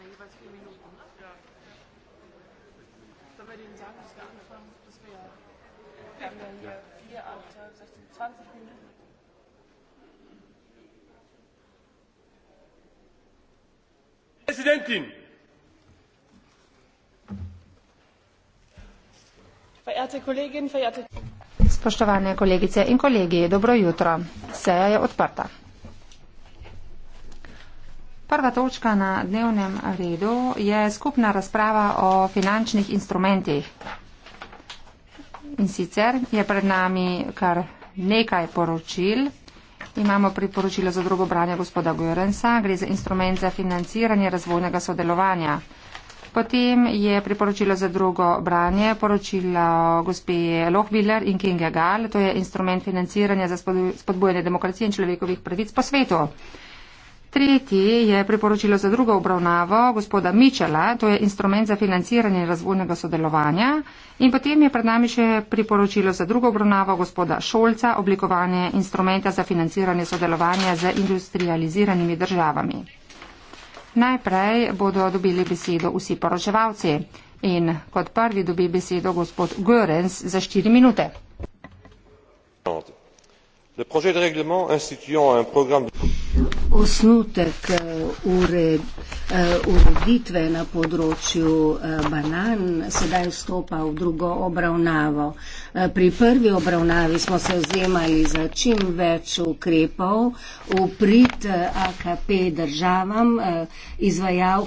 drei jeweils vier Minuten. Ja. Sollen wir denen sagen, dass wir anfangen? Ja ja. Dass wir, wir haben ja hier ja. vier Alter, 16, 20 Minuten. Präsidentin! Verehrte Kolleginnen, verehrte Spoštovane kolegice in kolegi, dobro jutro. Seja je odprta. Prva točka na dnevnem redu je skupna razprava o finančnih instrumentih. In sicer je pred nami kar nekaj poročil. Imamo priporočilo za drugo branje gospoda Gorensa, gre za instrument za financiranje razvojnega sodelovanja. Potem je priporočilo za drugo branje poročilo gospe Lohbiller in Kinga Gall, to je instrument financiranja za spodbujanje demokracije in človekovih pravic po svetu. Tretji je priporočilo za drugo obravnavo gospoda Mičela, to je instrument za financiranje razvojnega sodelovanja. In potem je pred nami še priporočilo za drugo obravnavo gospoda Šolca, oblikovanje instrumenta za financiranje sodelovanja z industrializiranimi državami. Najprej bodo dobili besedo vsi poročevalci. In kot prvi dobi besedo gospod Görens za štiri minute. Le projet de règlement instituant un programme de osnutek eh, ure, eh, ureditve na področju eh, banan sedaj vstopa v drugo obravnavo. Pri prvi obravnavi smo se vzemali za čim več ukrepov v prid AKP državam, izvajal,